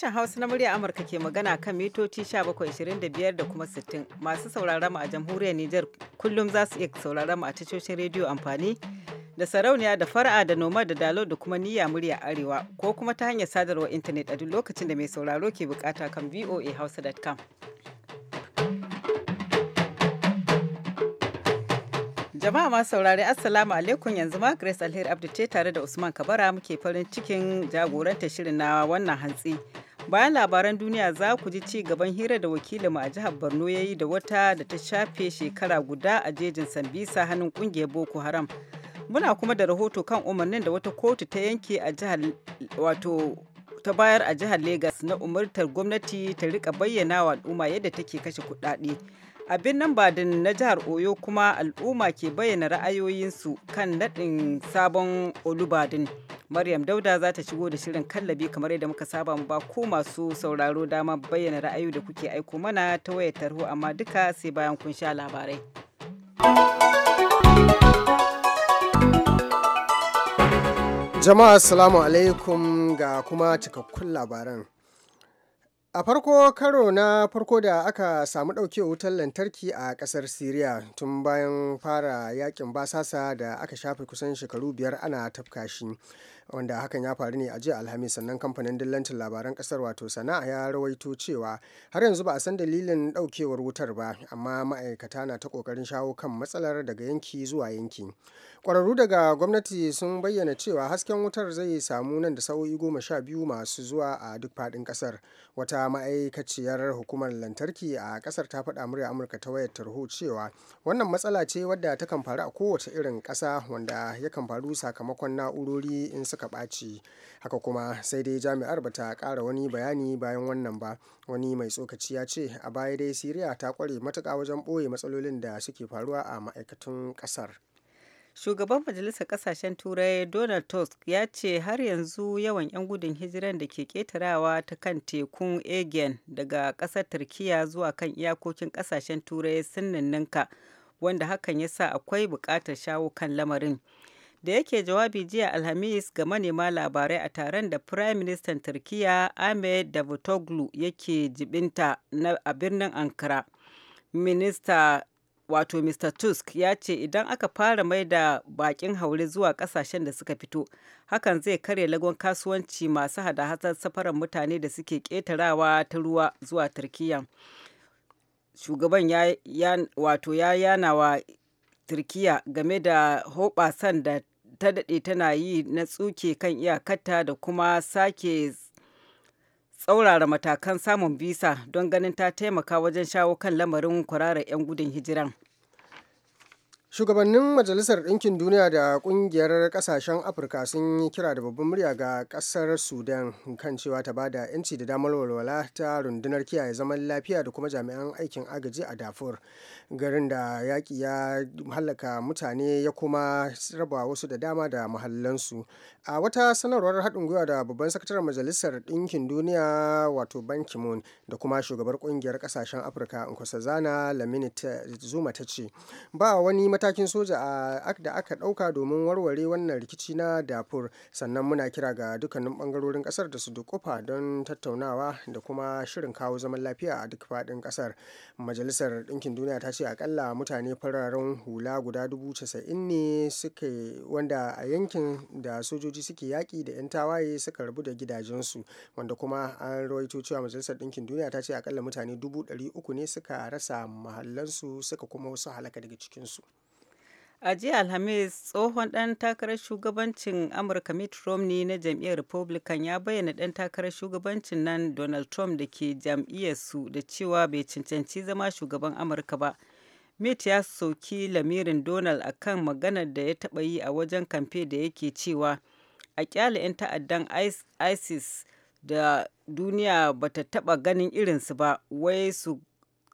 Sashen Hausa na murya Amurka ke magana kan mitoci 1725 da kuma 60 masu sauraron mu a jamhuriyar Nijar kullum za su iya sauraron mu a tashoshin rediyo amfani da sarauniya da fara'a da noma da dalo da kuma niyya murya arewa ko kuma ta hanyar sadarwar intanet a duk lokacin da mai sauraro ke bukata kan voahausa.com. Jama'a masu saurari Assalamu alaikum yanzu ma Grace Alheri Abdu tare da Usman Kabara muke farin cikin jagorantar shirin na wannan hantsi. Bayan labaran duniya za ku ji ci gaban hira da wakilinmu a jihar Borno ya yi da wata da ta shafe shekara guda a jejin Sambisa hannun kungiyar Boko Haram. Muna kuma da rahoto kan umarnin da wata kotu ta yanke a jihar wato ta bayar a jihar Legas na umartar gwamnati ta rika bayyana wa al'umma yadda take kashe kuɗaɗe. A birnin Badin na jihar Oyo kuma al'umma ke bayyana ra'ayoyinsu kan naɗin sabon Olubadin. Maryam Dauda za ta shigo da shirin kallabi kamar yadda muka saba mu ba ko masu sauraro dama bayyana ra'ayoyi da kuke aiko mana ta wayar tarho amma duka sai bayan kun sha labarai. Jama'a assalamu alaikum ga kuma cikakkun labaran. A farko karo na farko da aka samu ɗauke wutar lantarki a ƙasar Siriya tun bayan fara yakin basasa da aka shafe kusan shekaru biyar ana tafka shi. wanda hakan ya faru ne a jiya alhamis sannan kamfanin dillancin labaran kasar wato sana'a ya rawaito cewa har yanzu ba a san dalilin daukewar wutar ba amma ma'aikata na ta kokarin shawo kan matsalar daga yanki zuwa yanki kwararru daga gwamnati sun bayyana cewa hasken wutar zai samu nan da sa'o'i goma sha biyu masu zuwa a duk faɗin kasar wata ma'aikaciyar hukumar lantarki a kasar ta faɗa murya amurka ta wayar tarho cewa wannan matsala ce wadda ta kan faru a kowace irin ƙasa wanda ya kan faru sakamakon na'urori in suka suka ɓaci haka kuma sai dai jami'ar ba ta ƙara wani bayani bayan wannan ba wani mai tsokaci ya ce a baya dai siriya ta ƙware matuƙa wajen ɓoye matsalolin da suke faruwa a ma'aikatun ƙasar shugaban majalisar kasashen turai donald tusk ya ce har yanzu yawan 'yan gudun hijiran da ke ketarawa ta kan tekun aegean daga ƙasar turkiya zuwa kan iyakokin kasashen turai sun ninninka wanda hakan ya sa akwai bukatar shawo kan lamarin da yake jawabi jiya alhamis ga manema labarai a taron da prime minister turkiya ahmed davutoglu yake jibinta a birnin ankara minista wato mr tusk ya ce idan aka fara mai da bakin haure zuwa kasashen da suka fito hakan zai karya lagon kasuwanci masu hada-hatar safarar mutane da suke ketarawa ta ruwa zuwa turkiya shugaban ya wato ya yana turkiya game da hoɓasan da ta daɗe tana yi na tsuke kan iyakarta da kuma sake tsaurara matakan samun bisa don ganin ta taimaka wajen shawo kan lamarin kwararar 'yan gudun hijiran Shugabannin Majalisar Ɗinkin Duniya da Ƙungiyar Ƙasashen Afirka sun yi kira da babban murya ga ƙasar Sudan kan cewa ta bada 'yanci da damar walwala ta rundunar kiyaye zaman lafiya da kuma jami'an aikin agaji a dafur Garin da yaƙi ya hallaka mutane ya kuma raba wasu da dama da mahallansu. A wata sanarwar haɗin gwiwa da babban sakataren Majalisar Ɗinkin Duniya wato Ban ki da kuma shugabar Ƙungiyar Ƙasashen Afirka Nkosazana Lamini Zuma ta ce ba wani mata matakin soja a da aka ɗauka domin warware wannan rikici na dafur sannan muna kira ga dukkanin ɓangarorin ƙasar da su dukufa don tattaunawa da kuma shirin kawo zaman lafiya a duk faɗin ƙasar majalisar ɗinkin duniya ta ce akalla mutane fararen hula guda dubu casa'in ne suke wanda a yankin da sojoji suke yaƙi da 'yan tawaye suka rabu da gidajensu wanda kuma an rawaito cewa majalisar ɗinkin duniya ta ce akalla mutane dubu ɗari uku ne suka rasa mahallansu suka kuma wasu halaka daga cikinsu. A jiya Alhamis, tsohon dan takarar shugabancin Amurka Mitt Romney na jam'iyyar Republican ya bayyana dan takarar shugabancin nan Donald Trump da ke jam'iyyarsu da cewa bai cancanci zama shugaban Amurka ba. Mitt ya soki lamirin Donald a kan maganar da ya taba yi a wajen kamfe da yake cewa a kyale 'yan ta'addan ISIS da duniya bata taba ganin irinsu ba, wai su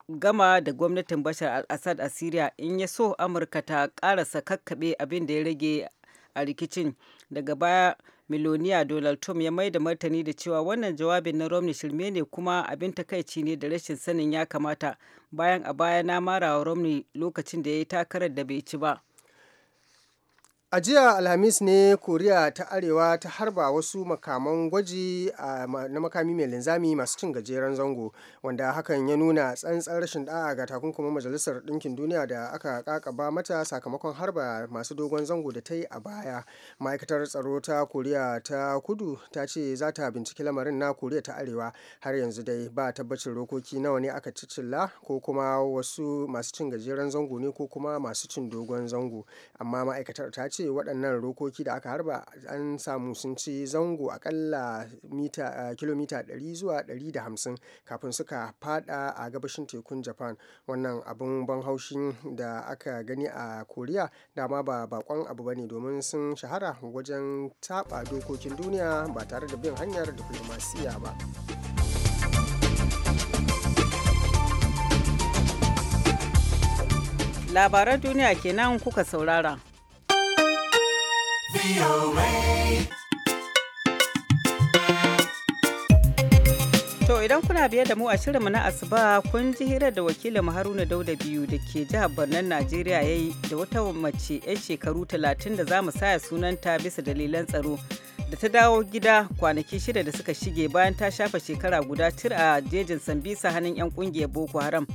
gama da gwamnatin bashar al-assad a syria in ya so amurka ta karasa kakkaɓe abin da ya rage a rikicin daga baya miloniya donald trump ya mai da martani da cewa wannan jawabin na romney shirme ne kuma abin takaici ne da rashin sanin ya kamata bayan a baya na marawa romney lokacin da ya yi takarar da bai ci ba a jiya alhamis ne koriya ta arewa ta harba wasu makaman gwaji na makami mai linzami masu cin gajeren zango wanda hakan ya nuna tsantsar rashin da'a ga takunkumin majalisar ɗinkin duniya da aka kakaba mata sakamakon harba masu dogon zango da ta yi a baya ma'aikatar tsaro ta koriya ta kudu ta ce za ta binciki lamarin na koriya ta arewa har yanzu dai ba tabbacin rokoki nawa ne aka cicilla ko kuma wasu masu cin gajeren zango ne ko kuma masu cin dogon zango amma ma'aikatar ta ce ce waɗannan rokoki da aka harba an samu sun ci zango akalla mita, eh, kilomita 100 zuwa 150 kafin suka fada a gabashin tekun japan wannan abin ban haushin da aka gani a koriya dama ba bakon abu ba ne domin sun shahara wajen taɓa dokokin duniya ba tare da bin hanyar diplomasiya ba. labaran duniya kenan kuka saurara. To idan kuna biya da mu a shirinmu na asuba kun ji hirar da wakilin Haruna Dauda biyu da ke jihar Barnan Najeriya ya yi da wata mace 'yan shekaru 30 da za mu saya sunanta bisa dalilan tsaro da ta dawo gida kwanaki shida da suka shige bayan ta shafa shekara guda tir a jejin Sambisa hannun 'yan kungiyar Boko Haram.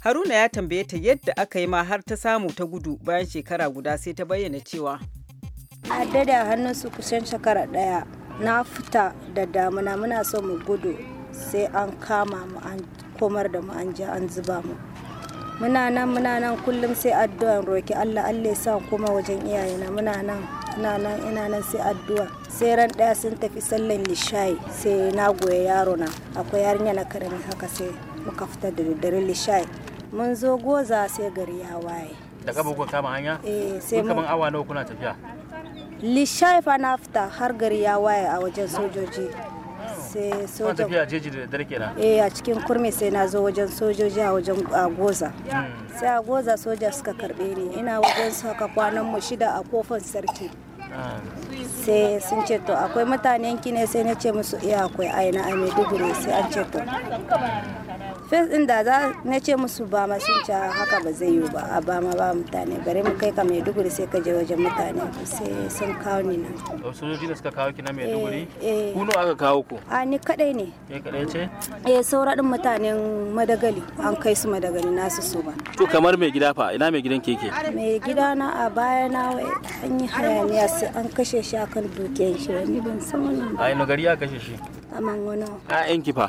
Haruna ya tambaye ta yadda aka yi ma har ta samu ta gudu bayan shekara guda sai ta bayyana cewa. a dada hannunsu kusan shekara daya na fita da damuna muna so mu gudu sai an kama mu an komar da mu an ji an zuba mu muna nan muna nan kullum sai addu'an roki Allah Allah ya sa kuma wajen iyayena muna nan ina nan ina nan sai addu'a sai ran daya sun tafi sallan lishai sai na goya yaro na akwai yarinya na karami haka sai muka fita da daddare lishai mun zo goza sai gari ya waye daga bugun kama hanya eh sai mun kaman awa nawa kuna tafiya lishai fa na fita har gari ya waye a wajen sojoji sai eh a cikin kurmi sai na zo wajen sojoji a wajen agoza hmm. sai goza soja suka karbe ni ina wajen saka kwanan mu shida a kofar sarki hmm. sai sun ce to akwai mutanen ki ne sai na ce musu iya eh, akwai aina a maiduguri sai an ce to fes din da za na ce musu ba ma sun ca haka ba zai yi ba a ba ma ba mutane bare mu kai ka maiduguri sai ka je wajen mutane sai sun kawo ni nan oh, sojoji da suka kawo ki na eh, maiduguri eh. kuno aka kawo ku a ni kadai ne kai kadai ce eh saura din mutanen madagali an kai su madagali na su ba to kamar mai gida fa ina mai gidan keke mai gida na a baya na wai an yi hayaniya sai an kashe shi akan dukiyar shi ni ban san wannan ba a gari ya kashe shi a mangono a yanki fa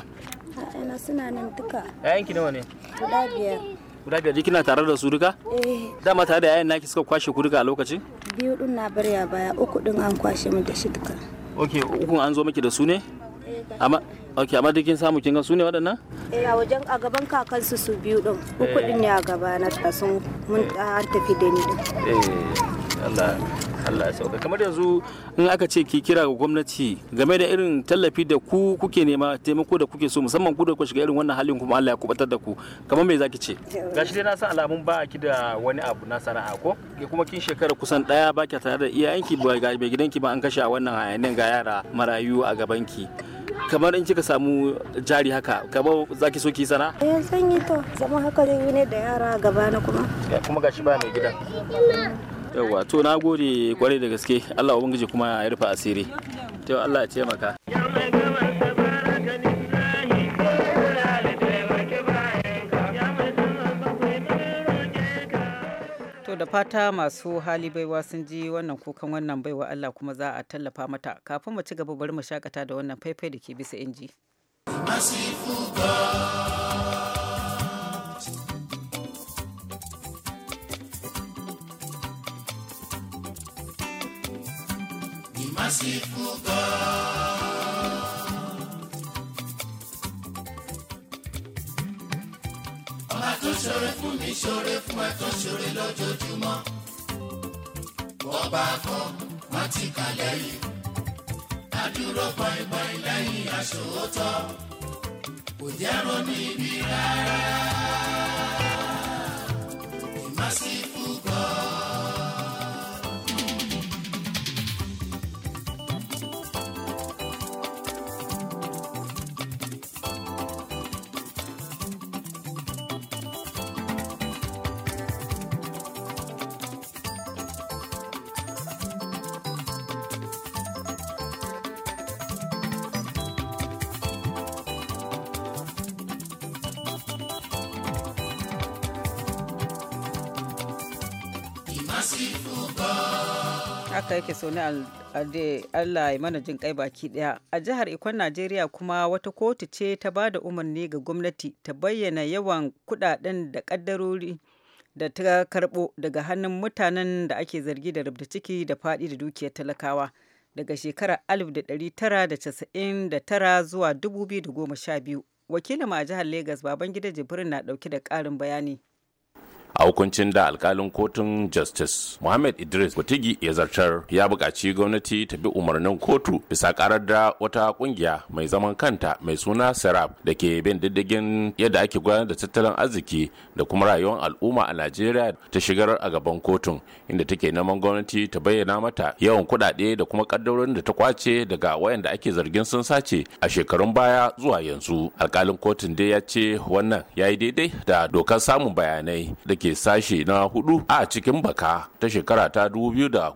Ƴaƴana suna nan duka. Ƴaƴanki nawa ne? Guda biyar. Guda biyar kina tare da su duka? Eh. Dama tare da ƴaƴan naki suka kwashe ku duka a lokacin? Biyu din na bari a baya, uku din an kwashe mu da shi duka. Ok, uku an zo miki da su ne? Eh. Amma ok amma duk kin samu kin ga su ne waɗannan? eh a wajen a gaban kakan su biyu din uku eh. din ne a gaba na sun mun tafi da ni din eh Allah Allah ya sauka kamar yanzu in aka ce ki kira ga gwamnati game da irin tallafi da ku kuke nema taimako da kuke so musamman ku da ku shiga irin wannan halin kuma Allah ya kubatar da ku kamar me zaki ce gashi dai na san alamun ba ki da wani abu na sana'a ko kuma kin shekara kusan daya ba ki tare da iyayenki ba ga mai gidanki ba an kashe a wannan hayanin ga yara marayu a gabanki kamar in kika samu jari haka kamar zaki so ki sana? Eh zan yi to zama haka da ne da yara gaba na kuma. Eh, kuma gashi ba mai gidan. yawa to na gode kwarai da gaske allah ubangiji kuma ya rufa asiri to allah ya maka. da fata masu hali baiwa sun ji wannan kukan wannan baiwa allah kuma za a tallafa mata kafin mu ci gaba bari mu shakata da wannan faifai da ke bisa inji merciful God. Ọba tó ṣoore fún mi ṣoore fún ẹ tó ṣoore lójoojúmọ́. Bọ́ba kọ́ má ti kà lẹ́yìn. Adúró bọ́ìbọ́ì lẹ́yìn aṣòótọ́. Kò jẹ́ ronú ibi rárá. muke so da Allah ya mana jin kai baki daya. A jihar Ikon Najeriya kuma wata kotu ce ta ba da umarni ga gwamnati ta bayyana yawan kudaden da kaddarori da ta karbo daga hannun mutanen da ake zargi da rubda ciki da fadi da dukiyar talakawa daga shekarar 1999 zuwa 2012. Wakilin a jihar Legas Babangida Jibrin na dauke da karin bayani. a hukuncin da alkalin kotun justice Muhammad Idris Kutigi ya zartar ya buƙaci gwamnati ta bi umarnin kotu bisa karar da wata kungiya mai zaman kanta mai suna Serap da ke bin diddigin yadda ake gudanar da tattalin arziki da kuma rayuwar al'umma a Najeriya ta shigar a gaban kotun inda take neman gwamnati ta bayyana mata yawan kuɗaɗe da kuma kaddarorin da ta kwace daga wayanda ake zargin sun sace a shekarun baya zuwa yanzu alkalin kotun dai ya ce wannan ya yi daidai da dokar samun bayanai ke sashe na hudu a cikin baka ta shekara ta 2011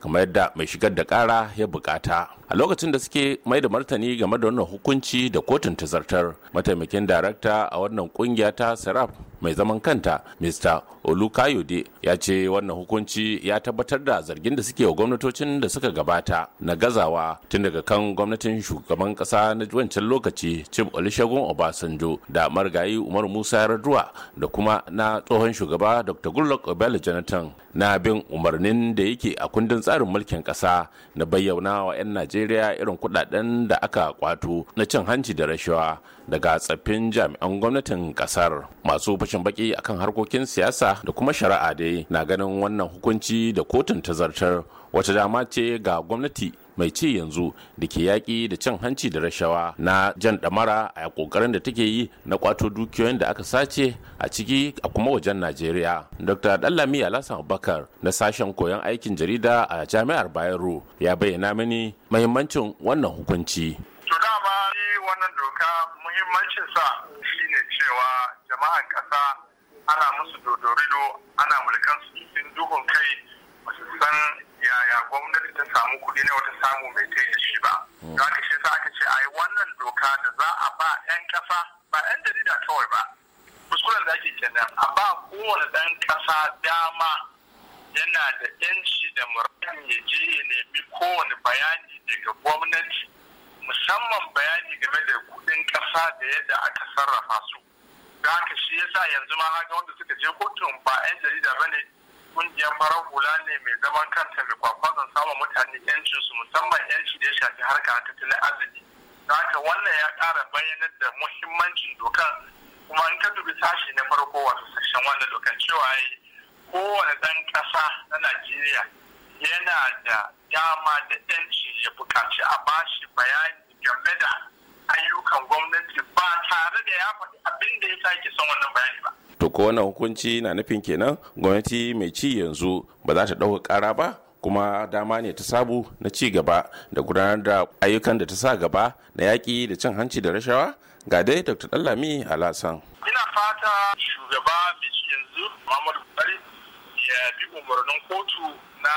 kamar yadda mai shigar da kara ya bukata a lokacin da suke mai da martani game da wannan hukunci da kotun ta zartar mataimakin darakta a wannan kungiya ta saraf mai zaman kanta mr olukayode ya ce wannan hukunci ya tabbatar da zargin da suke wa gwamnatocin da suka gabata na gazawa tun daga kan gwamnatin shugaban kasa na wancan lokaci chief olusegun obasanjo da margayi umar musa raduwa da kuma na tsohon shugaba dr goodluck obele jonathan na bin umarnin da yake a kundin tsarin mulkin kasa na bayyana wa 'yan najeriya najeriya irin kudaden da aka kwato na cin hanci da rashawa daga tsaffin jami'an gwamnatin kasar masu fashin baki akan harkokin siyasa da kuma shari'a dai na ganin wannan hukunci da kotun ta zartar wata dama ce ga gwamnati mai ci yanzu da ke yaƙi da cin hanci da rashawa na jan ɗamara a ƙoƙarin da take yi na kwato dukiyoyin da aka sace a ciki a kuma wajen najeriya dr dallami alasan abubakar na sashen koyon aikin jarida a jami'ar bayero ya bayyana mini mahimmancin wannan hukunci wannan doka muhimmancinsa shine cewa jama'an ƙasa ana musu dodorido ana mulkansu cikin duhun kai masu san yaya gwamnati ta samu kuɗi na wata samu mai ta da shi ba za hmm. ka shi sa aka ce ai wannan doka da za a ba 'yan kasa ba 'yan jarida kawai ba kuskuren da ake kenan a ba kowane ɗan kasa dama yana da 'yanci da muradin ya je ya nemi kowane bayani daga gwamnati musamman bayani game da kuɗin ƙasa da yadda aka sarrafa su da haka shi yasa yanzu ma haka wanda suka je kotun ba 'yan jarida ba ne kungiyar marar hula ne mai zaman kanta mai kwakwazon samun mutane 'yancinsu, musamman yanci da ya shafi harka na tattalin arziki da haka wannan ya ƙara bayyanar da muhimmancin dokar kuma in ka dubi sashi na farko wato sashen wannan dokar cewa ya yi kowane ɗan ƙasa na najeriya yana da dama da yanci ya buƙaci a bashi bayani game da ayyukan gwamnati ba tare da ya faɗi abin da ya sake son wannan bayani ba to ko wannan hukunci na nufin kenan gwamnati mai ci yanzu ba za ta ɗauka ƙara ba kuma dama ne ta sabu na ci gaba da gudanar da ayyukan da ta sa gaba na yaƙi da cin hanci da rashawa ga dai dr dallami alasan ina fata shugaba mai ci yanzu muhammadu buhari ya bi umarnin kotu na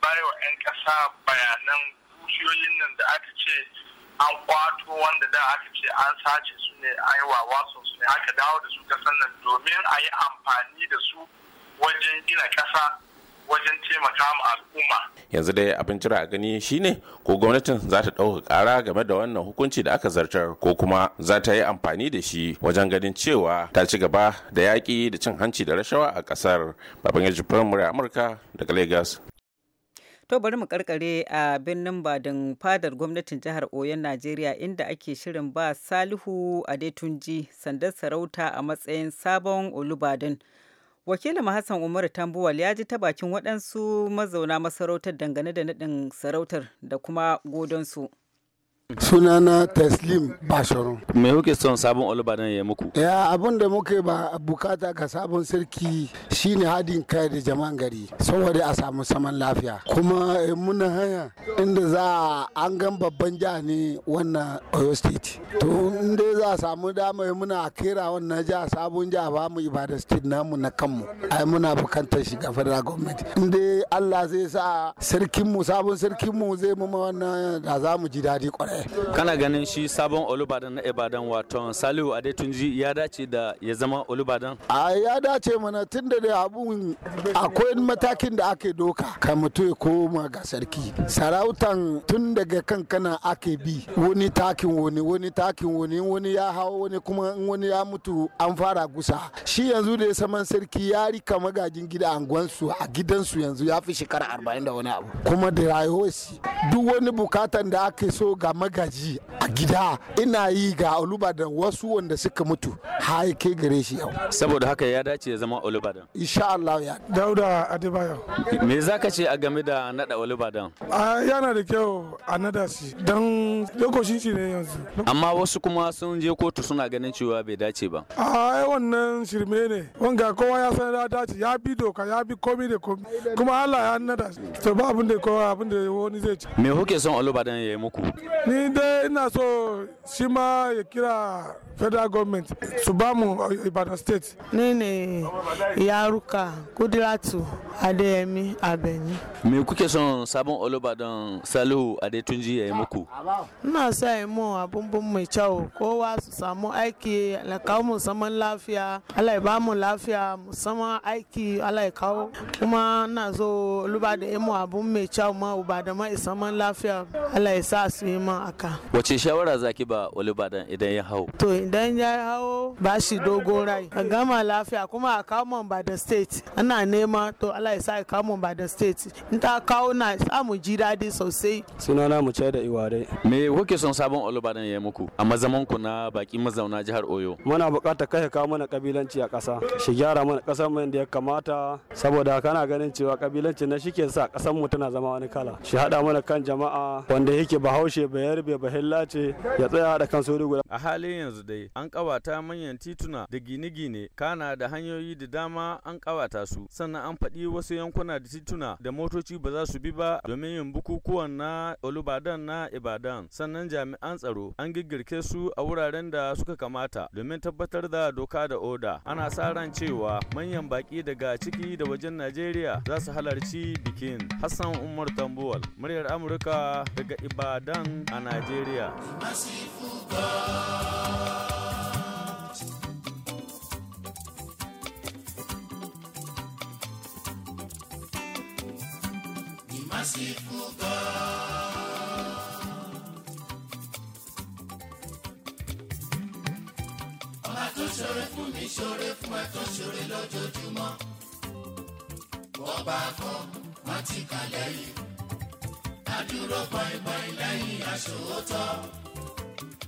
bayo 'yan ƙasa bayanan kushiyoyin nan da aka ce an kwato wanda da aka ce an sace su ne a yi wawasun su ne aka dawo da su kasan nan domin a yi amfani da su wajen gina kasa wajen taimaka ma al'umma. Yanzu dai abin jira a gani shine ko gwamnatin za ta ɗauka ƙara game da wannan hukunci da aka zartar ko kuma za ta yi amfani da shi wajen ganin cewa ta ci gaba da yaƙi da cin hanci da rashawa a ƙasar. Babban Yaji Firamare Amurka daga Lagos. To bari mu karkare a birnin Badin fadar gwamnatin jihar Oyon Najeriya inda ake shirin ba Salihu Adetunji sandar sarauta a matsayin sabon Olubadin. Wakilin Hassan Umar Tambuwal ya ji ta bakin waɗansu mazauna masarautar dangane da naɗin sarautar da kuma godonsu. sunana taslim basharon me kuke son sabon olubadan ya muku ya abin da muke ba bukata ga sabon sarki shine hadin kai da jama'an gari saboda a samu saman lafiya kuma muna haya inda za an gan babban jiha ne wannan oyo state to inda za a samu dama muna kera wannan jiha sabon jiha ba mu ibada state namu na kanmu ai muna shi ga federal government inda allah zai sa sarkinmu sabon sarkinmu zai mu wannan da za mu ji daɗi kwarai kana ganin shi sabon olubadan na ibadan wato salihu adetunji ya dace da ya zama olubadan a ya dace mana tun da da abun akwai matakin da ake doka ka mutu ya koma ga sarki sarautan tun daga kan kana ake bi wani takin wani wani takin wani wani ya hawa wani kuma wani ya mutu an fara gusa shi yanzu da ya saman sarki ya rika magajin gida anguwansu a gidansu yanzu ya fi shekara 40 da wani abu kuma da rayuwarsu duk wani bukatan da ake so ga magaji a gida ina yi ga olubadan wasu wanda suka mutu haye ke gare shi yau saboda haka ya dace ya zama olubadan insha Allah ya dauda adibayo me zaka ce a game da nada olubadan a yana da kyau a nada shi dan lokacin shi ne yanzu amma wasu kuma sun je kotu suna ganin cewa bai dace ba a wannan shirme ne wanga kowa ya san da dace ya bi doka ya bi komi da komi kuma Allah ya nada to ba abin da kowa abin da wani zai ci me kuke son olubadan ya yi muku ni ni dai ina so sima ma ya kira federal government su ba ibadan state ni ne yaruka kudiratu adeyemi abeni me kuke son sabon olubadan salihu adetunji ya yi muku ina sa yi mu abubuwan o kyau kowa su samu aiki na kawo mu saman lafiya ala ya lafiya musamman aiki ala ya kawo kuma na zo olubadan ya mu abun mai kyau ma ubadan ma isaman lafiya ala sa su ma kan aka wace shawara zaki ba badan idan ya hau to idan ya hau ba shi dogo rai a gama lafiya kuma a kawo ba da state ana nema to Allah ya sa a kawo ba da state in ta kawo na samu ji daɗi sosai sunana mu da iware me kuke son sabon olubadan ya muku a mazaman ku na baki mazauna jihar Oyo muna buƙatar kai kawo mana kabilanci a ƙasa shi gyara mana ƙasar mu da ya kamata saboda kana ganin cewa kabilanci na shi ke sa ƙasar mu tana zama wani kala shi hada mana kan jama'a wanda yake bahaushe bayan. bayarbe bahilla ce ya tsaya da kan sauri guda a halin yanzu dai an kawata manyan tituna da gine-gine kana da hanyoyi da dama an kawata su sannan an faɗi wasu yankuna da tituna da motoci ba za su bi ba domin yin bukukuwan na olubadan na ibadan sannan jami'an tsaro an giggirke su a wuraren da suka kamata domin tabbatar da doka da oda ana sa ran cewa manyan baki daga ciki da wajen najeriya za su halarci bikin hassan umar tambuwal muryar amurka daga ibadan a and Nigeria. merciful God. Ọba tó ṣoore fún mi ṣoore fún ẹ tó ṣoore lójoojúmọ́. Bọ́ba kan, má ti kà lẹ́yìn dúró pọ̀ìpọ̀ì lẹ́yìn àṣòótọ́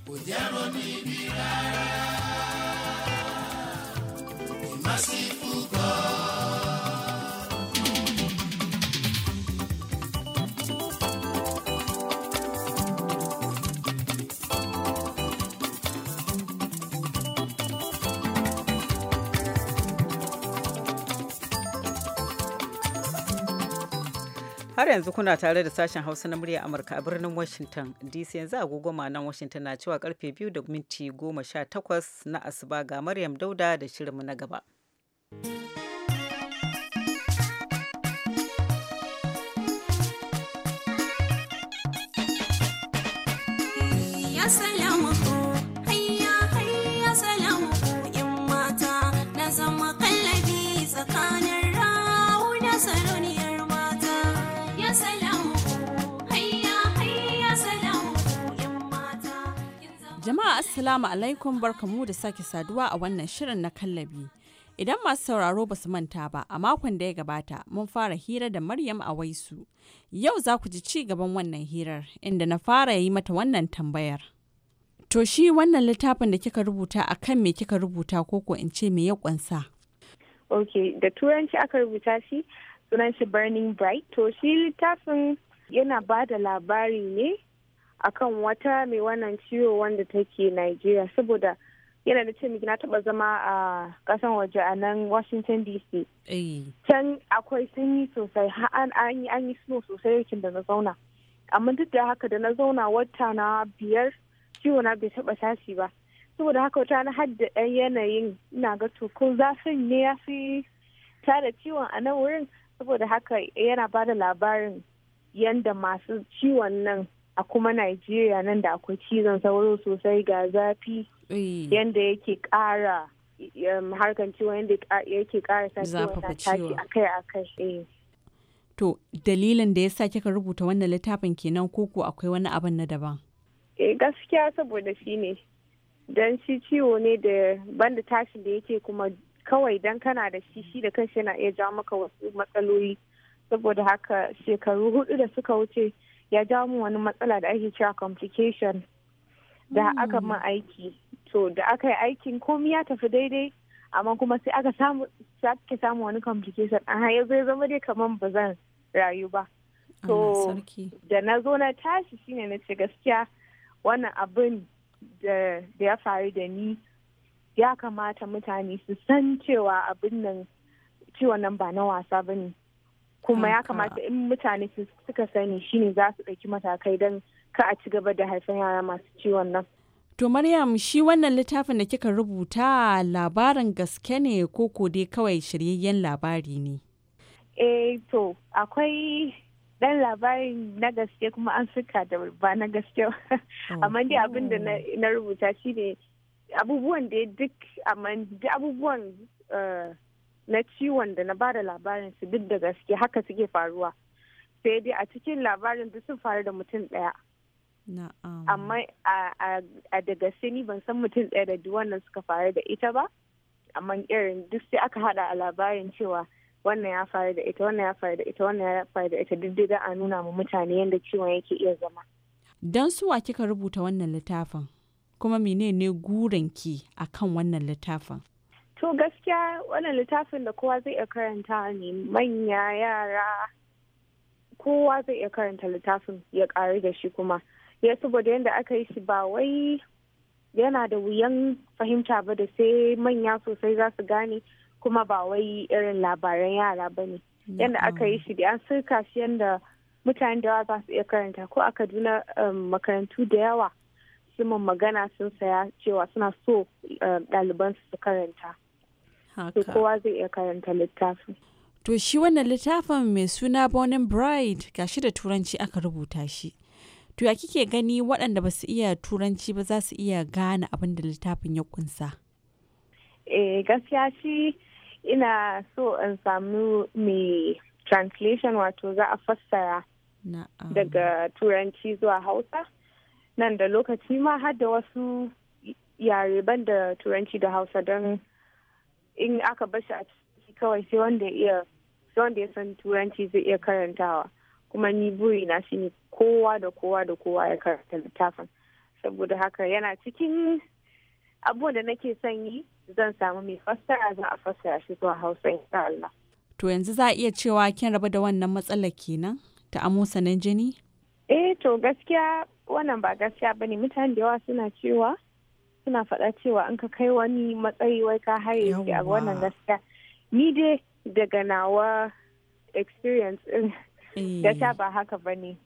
kò jẹ́ ronú ibi rárá. Har yanzu kuna tare da sashen Hausa na murya Amurka a birnin Washington DC yanzu agogo nan Washington na cewa karfe biyu da minti goma sha takwas na asuba ga Maryam Dauda da shirinmu na gaba. jama'a assalamu alaikum barkamu da sake saduwa a wannan shirin na kallabi. Idan masu sauraro ba su manta ba a makon da ya gabata mun fara hira da Maryam a waisu. Yau za ku ji ci gaban wannan hirar inda na fara yi mata wannan tambayar. To shi wannan littafin da kika rubuta a kan me kika rubuta ko koko in ce me ya kwansa Ok, da turanci aka rubuta shi turanci shi Burning Bright. To shi littafin yana ba da labari ne akan wata mai wannan ciwo wanda take nigeria saboda yana da cewa na taba zama a kasan waje a nan Washington DC. Can akwai sanyi sosai an yi snow sosai yakin da na zauna. Amma duk da haka da na zauna wata na biyar ciwo na bai taba tashi ba. Saboda haka wata na hadda ɗan yanayin ina ga to ko zafin ne ya fi tada ciwon a nan wurin saboda haka yana ba da labarin yanda masu ciwon nan a kuma Najeriya nan da akwai cizon sauro sosai ga zafi yadda yake ƙara um, harkan ciwon yadda yake ƙara sa ciwon a kai. Eh. To dalilin da ya sa kika rubuta wannan littafin kenan koko akwai wani abin na daban? e gaskiya saboda shi ne don shi ciwo ne da banda tashin da yake kuma kawai don kana da shi shi da kanshi yana iya jawo maka wasu matsaloli saboda haka shekaru hudu da suka wuce ya jawo mu wani matsala da ake cewa complication da hmm. aka ma aiki to da aka yi aikin komi ya tafi daidai amma kuma sai aka samu sake samu wani complication a ya zai zama dai kamar ba zan rayu ba to da na zo na tashi shine na ce gaskiya wannan abin da ya faru da ni ya kamata mutane su san cewa abin nan ciwon nan ba na wasa bane kuma ya kamata in mutane suka sani shine za su ɗauki matakai don ka a ci gaba da haifan yara masu ciwon nan. To Maryam shi wannan littafin da kika rubuta labarin gaske ne ko ko dai kawai shiryayyen labari ne? Eh to akwai dan labarin na gaske kuma an suka da ba na gaske amma dai abin da na rubuta shi ne abubuwan da duk amma abubuwan eh, na ciwon da na bada labarin su duk da gaske haka suke faruwa sai dai a cikin labarin duk sun faru da mutum ɗaya amma a da gaske ni ban san mutum ɗaya da duk wannan suka faru da ita ba amma irin duk sai aka hada a labarin cewa wannan ya faru da ita wannan ya faru da ita wannan ya faru da ita duk dai a nuna ma mutane yadda ciwon yake iya zama don suwa kika rubuta wannan littafin kuma menene ki akan wannan littafin To gaskiya wannan littafin da kowa zai iya karanta ne manya yara kowa zai iya karanta littafin ya ƙari da shi kuma. Ya saboda yadda aka yi shi ba wai yana da wuyan fahimta ba da sai manya sosai za su gane kuma ba wai irin labaran yara ba ne. Yadda aka yi shi da an sirka shi yadda mutane da yawa za su iya karanta ko a Kaduna um, makarantu da yawa. Siman magana sun saya cewa suna so um, ɗalibansu su karanta. kowa zai iya karanta littafin to shi wannan littafin mai suna Burning Bride gashi da turanci aka rubuta shi to ya kike gani waɗanda ba su iya turanci ba za su iya gane abin da littafin ya kunsa eh gaskiya shi ina so in samu mai translation wato za a fassara daga turanci zuwa hausa nan da lokaci ma har da wasu yare ban da turanci da hausa don in aka bashi a ciki kawai sai wanda ya iya wanda ya san turanci zai iya karantawa kuma ni buri na shine kowa da kowa da kowa ya karanta littafin saboda haka yana cikin abubuwan da nake son yi zan samu mai fassara za a fassara shi zuwa hausa insha Allah. To yanzu za a iya cewa kin raba da wannan matsalar kenan ta sanan jini? Eh to gaskiya wannan ba gaskiya bane mutane da yawa suna cewa suna faɗa cewa an ka kai wani matsayi wai ka haye shi a wannan gaskiya ni dai daga nawa experience da eh. ta ba haka ba ne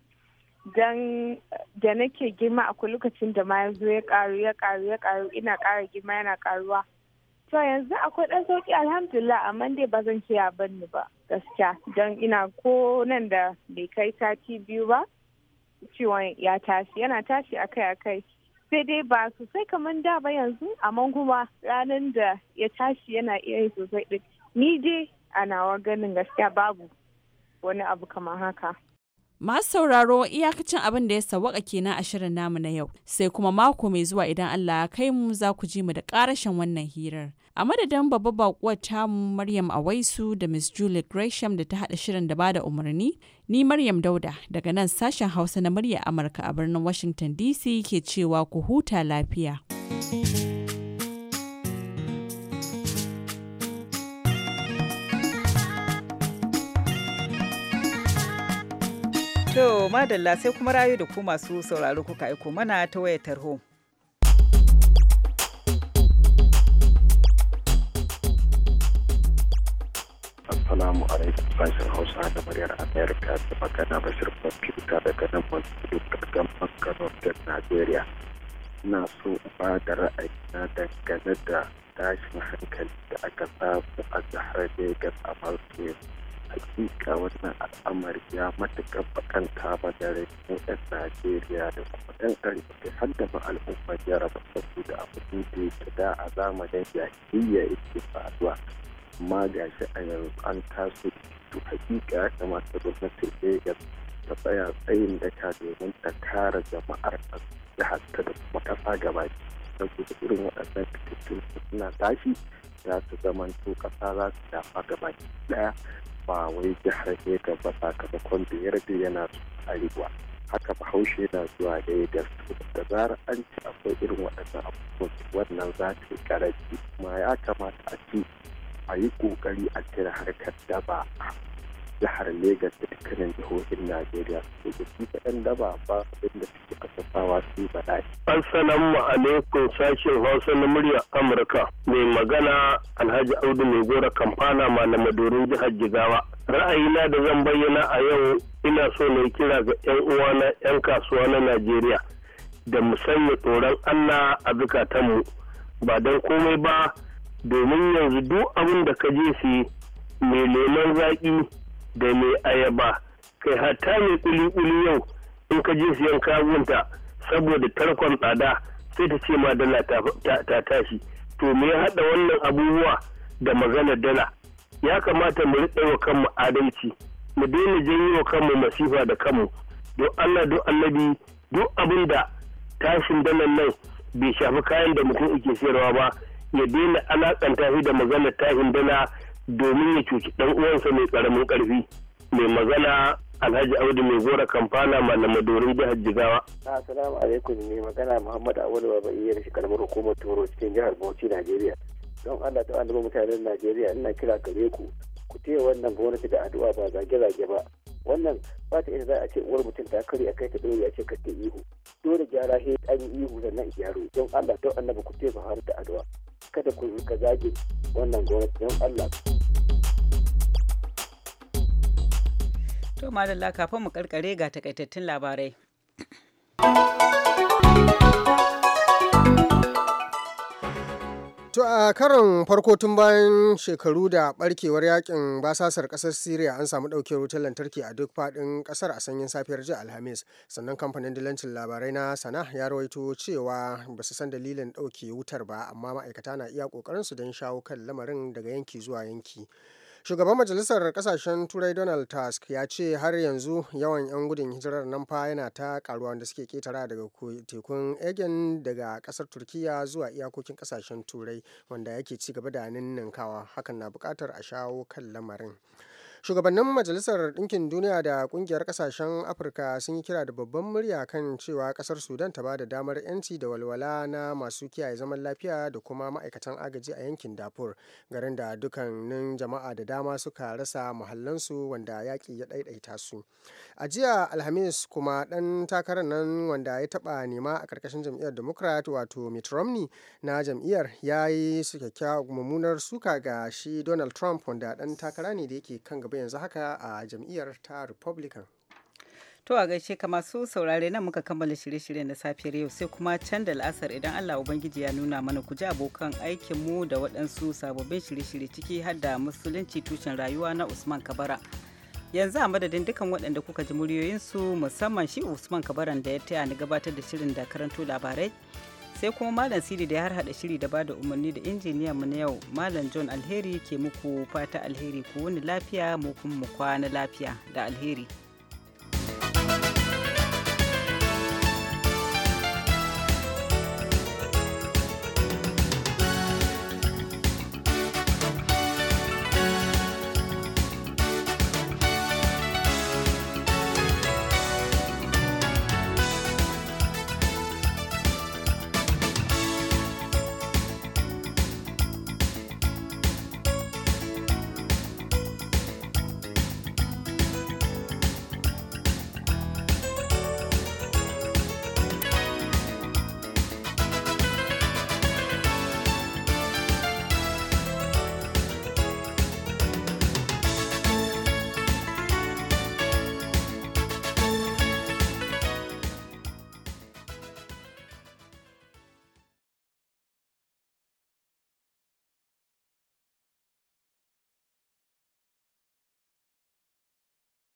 don da nake girma akwai lokacin da ma ya ya karu ya karu ya karu ina kara girma yana karuwa to yanzu akwai dan sauki alhamdulillah amma dai ba zan kiya ya banni ba gaskiya don ina ko nan da bai kai sati biyu ba ciwon ya tashi yana tashi akai akai sai dai ba sosai kamar da ba yanzu amma kuma ranar da ya tashi yana iya yi sosai din ni dai a nawa ganin gaskiya babu wani abu kamar haka Masu sauraro iyakacin abin da ya sawaka kenan a shirin namu na yau, sai kuma mako mai zuwa idan Allah kai mu za ku ji mu da ƙarashin wannan hirar. A madadin babba bakuwar tamu Maryam Awaisu da Miss Julie Gresham da ta haɗa shirin da bada umarni, ni Maryam Dauda daga nan sashen Hausa na murya Amurka a birnin Washington DC ke cewa ku huta lafiya. To madalla sai kuma rayu da ku masu sauraro kuka aiko mana ta wayar tarho. Assalamu alaikum sashen Hausa da muryar Amerika da magana Bashir Kwamfuta daga nan Montreal gargamman Kano da Najeriya. Ina so ba da ra'ayi na dangane da tashin hankali da aka samu a jihar Legas a Malta hakika wannan al'amari ya matuƙar bakanta ba da rikin 'yan najeriya da kuma 'yan arewa har da ma al'ummar jaraba da abu da ta da a zamanin jahiliya yake faruwa amma ga shi a yanzu an taso to hakika ya kamata ta yi ta tsaya tsayin ka domin ta kare jama'ar jihar da kuma ƙasa gaba saboda irin waɗannan fitattun suna tashi za su zamanto ƙasa za su dafa gaba daya. ba wai jihar Legas ba sakamakon da yarda yana arewa haka bahaushe na zuwa da Legas da zarar an ci akwai irin waɗannan abubuwan wannan za ta yi ƙaraji kuma ya kamata a ci a yi ƙoƙari a cire harkar daba jihar Legas da dukkanin jihohin Najeriya su ke su ɗan daba ba abin da suke kasafawa su bala'i. Assalamu alaikum sashen Hausa na murya Amurka mai magana Alhaji Audu mai gora Kamfana Madorin jihar Jigawa. Ra'ayina da zan bayyana a yau ina so na yi kira ga 'yan uwana 'yan kasuwa na Najeriya da mu sanya tsoron Allah a zukatanmu ba don komai ba domin yanzu duk abin da ka je su mai lemon zaƙi da mai ayaba kai hata mai kuli-kuli yau in ka je siyan kawunta saboda tarkon tsada sai ta ce ma dala ta tashi to me ya haɗa wannan abubuwa da magana dala ya kamata mu riƙe wa kanmu adalci mu daina janyo wa kanmu masifa da kanmu don Allah don annabi duk abin da tashin dalan nan bai shafi kayan da mutum yake sayarwa ba ya daina alakanta shi da maganar tashin dala domin ya cuci dan uwansa mai karamin karfi mai magana Alhaji Audu mai gora kamfana malamai dorin jihar Jigawa. Assalamu alaikum mai magana Muhammad Awolu Baba iya da karamar hukumar Toro cikin jihar Bauchi Najeriya. Don Allah ta alama mutanen Najeriya ina kira gare ku ku taya wannan gwamnati da addu'a ba zage-zage ba. Wannan ba ta za a ce uwar mutum ta karya kai ta dole ya ce ka ihu. Dole gyara he an yi ihu da nan gyaro. Don Allah ta annabi ku taya ba da addu'a. Kada ku ka zage wannan gwamnati don Allah. To madalla kafin mu karkare ga takaitattun labarai. To a karon farko tun bayan shekaru da barkewar yakin basasar kasar Siriya an samu ɗaukewar wutar lantarki a duk faɗin ƙasar a sanyin safiyar jiya Alhamis. Sannan kamfanin dilancin labarai na Sana ya rawaito cewa ba su san dalilin ɗauke wutar ba amma ma'aikata na iya su don shawo kan lamarin daga yanki zuwa yanki. Shugaban Majalisar Kasashen Turai Donald Tusk ya ce har yanzu yawan 'yan gudun hijirar nan fa yana ta karuwa wanda suke ketara daga tekun Egen daga kasar Turkiya zuwa iyakokin kasashen Turai wanda yake ci gaba da ninninkawa hakan na bukatar a shawo kan lamarin. Shugabannin Majalisar Ɗinkin Duniya da Ƙungiyar Ƙasashen Afirka sun yi kira da babban murya kan cewa ƙasar Sudan ta ba da damar 'yanci da walwala na masu kiyaye zaman lafiya da kuma ma'aikatan agaji a yankin dafur garin da dukkanin jama'a da dama suka rasa muhallansu wanda yaƙi ya ɗaiɗaita su. A jiya Alhamis kuma ɗan takarar nan wanda ya taɓa nema a ƙarƙashin jam'iyyar Democrat wato Mitt Romney na jam'iyyar ya yi su mummunar suka ga shi Donald Trump wanda ɗan takara ne da yake kan gaba yanzu haka a jam'iyyar ta republican To a gaishe ka masu saurare nan muka kammala shirye-shiryen na safiyar yau sai kuma can da la'asar idan Allah Ubangiji ya nuna mana ku ji abokan aikin mu da waɗansu sababbin shirye-shirye ciki har da musulunci tushen rayuwa na Usman Kabara. Yanzu a madadin dukkan waɗanda kuka ji muryoyinsu musamman shi Usman Kabaran da ya taya ni gabatar da shirin da karanto labarai sai kuma malam sidi da ya harhaɗa shiri da bada umarni da injiniya mu na yau malam john alheri ke muku fata alheri ku wani lafiya mu kuma mu kwana lafiya da alheri